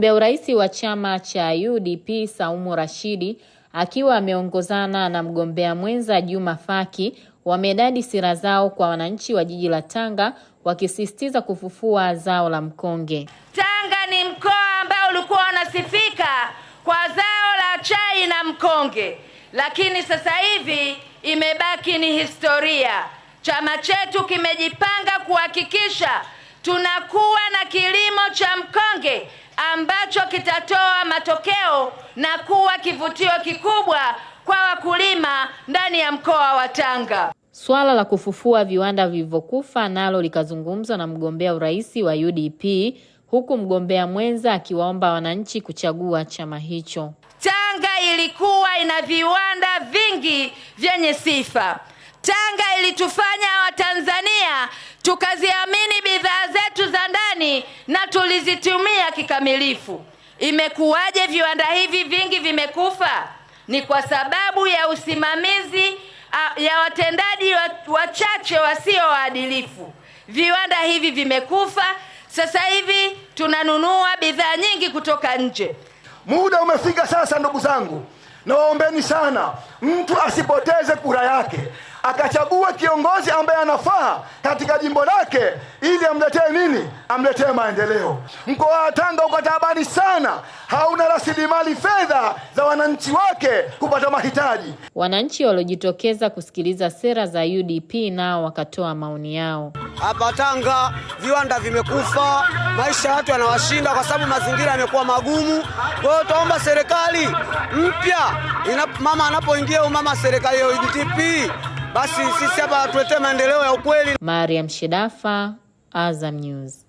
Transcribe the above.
Mgombea urais wa chama cha UDP Saumu Rashidi akiwa ameongozana na mgombea mwenza Juma Faki wamedadi sira zao kwa wananchi wa jiji la Tanga wakisisitiza kufufua zao la mkonge. Tanga ni mkoa ambao ulikuwa unasifika kwa zao la chai na mkonge, lakini sasa hivi imebaki ni historia. Chama chetu kimejipanga kuhakikisha tunakuwa na kilimo cha mkonge ambacho kitatoa matokeo na kuwa kivutio kikubwa kwa wakulima ndani ya mkoa wa Tanga. Swala la kufufua viwanda vilivyokufa nalo likazungumzwa na mgombea urais wa UDP huku mgombea mwenza akiwaomba wananchi kuchagua chama hicho. Tanga ilikuwa ina viwanda vingi vyenye sifa. Tanga ilitufanya Watanzania tukazia na tulizitumia kikamilifu. Imekuwaje viwanda hivi vingi vimekufa? Ni kwa sababu ya usimamizi ya watendaji wachache wasio waadilifu. Viwanda hivi vimekufa. Sasa hivi tunanunua bidhaa nyingi kutoka nje. Muda umefika sasa, ndugu zangu. Nawaombeni sana, mtu asipoteze kura yake, akachagua kiongozi ambaye anafaa katika jimbo lake, ili amletee nini? Amletee maendeleo. Mkoa wa Tanga uko tabani sana, hauna rasilimali fedha za wananchi wake kupata mahitaji. Wananchi waliojitokeza kusikiliza sera za UDP nao wakatoa maoni yao. Hapa Tanga viwanda vimekufa, maisha ya watu yanawashinda kwa sababu mazingira yamekuwa magumu. Kwa hiyo serikali mpya mama anapoingia umama serikali ya UDP, basi sisi hapa tuletee maendeleo ya ukweli. Mariam Shidafa, Azam News.